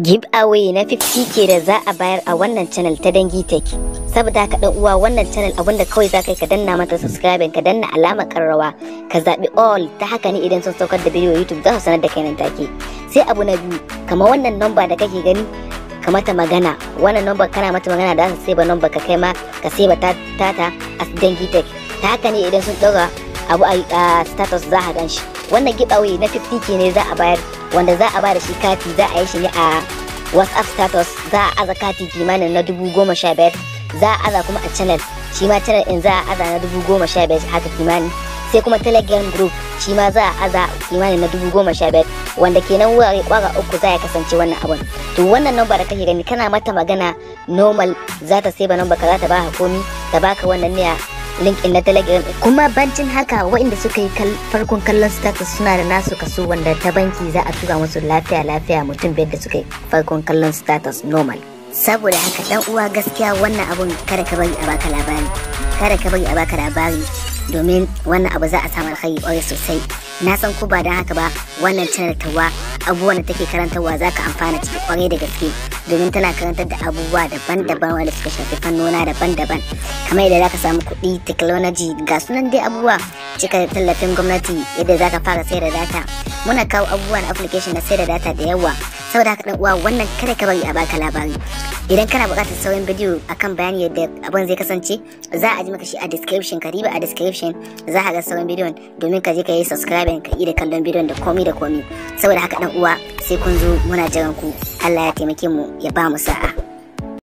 giveaway na 50k da za a bayar a wannan channel ta dangi take saboda haka dan uwa wannan channel abinda kawai za ka danna mata subscribe ka danna alamar karrawa ka zabi all ta haka ne idan sun saukar da video youtube za su sanar da kai nan take sai abu na biyu kamar wannan number da kake gani ka mata magana wannan number kana mata magana da su ba number ka kai ma ka sai ta tata as dangi take ta haka ne idan sun daura abu a status za a gan shi wannan giveaway na 50k ne za a bayar wanda za a ba da shi kati za a yi shi ne a whatsapp status za a aza kati kimanin na dubu goma sha biyar za a aza kuma a channel shi ma channel in za a aza na dubu goma sha biyar haka kimanin sai kuma telegram group shi ma za a aza kimanin na dubu goma sha biyar wanda kenan wurare kwara uku za ya kasance wannan abun to wannan number da kake gani kana mata magana normal za ta sai ba namba ka za ta baka komi ta baka wannan ne link din na telegram kuma bancin haka waɗanda suka yi farkon kallon status suna da nasu kaso wanda ta banki za a tura musu lafiya lafiya mutum biyar da suka yi farkon kallon status normal saboda haka dan uwa gaskiya wannan abun kada ka bari a baka labari kada ka bari a baka labari domin wannan abu za a samu alkhairi kwarai sosai na san ko ba da haka ba wannan channel tawa abubuwan da take karantarwa za ka amfana ciki kwarai da gaske domin tana karantar da abubuwa daban-daban wanda suka shafi fannona daban-daban kamar yadda za ka samu kuɗi technology ga sunan dai abubuwa cika tallafin gwamnati yadda za ka fara sayar da data muna kawo abubuwan application na sayar da data da yawa saboda haka dan uwa wannan kada ka bari a baka labari idan kana buƙatar sauran bidiyo akan bayani yadda abin zai kasance za a ji maka shi a description ka riba a description za ka ga sauran bidiyon domin ka je ka yi subscribe ka yi da kallon bidiyon da komi da komi saboda haka dan uwa sai kun zo muna jiran ku Allah ya taimake mu ya ba mu sa'a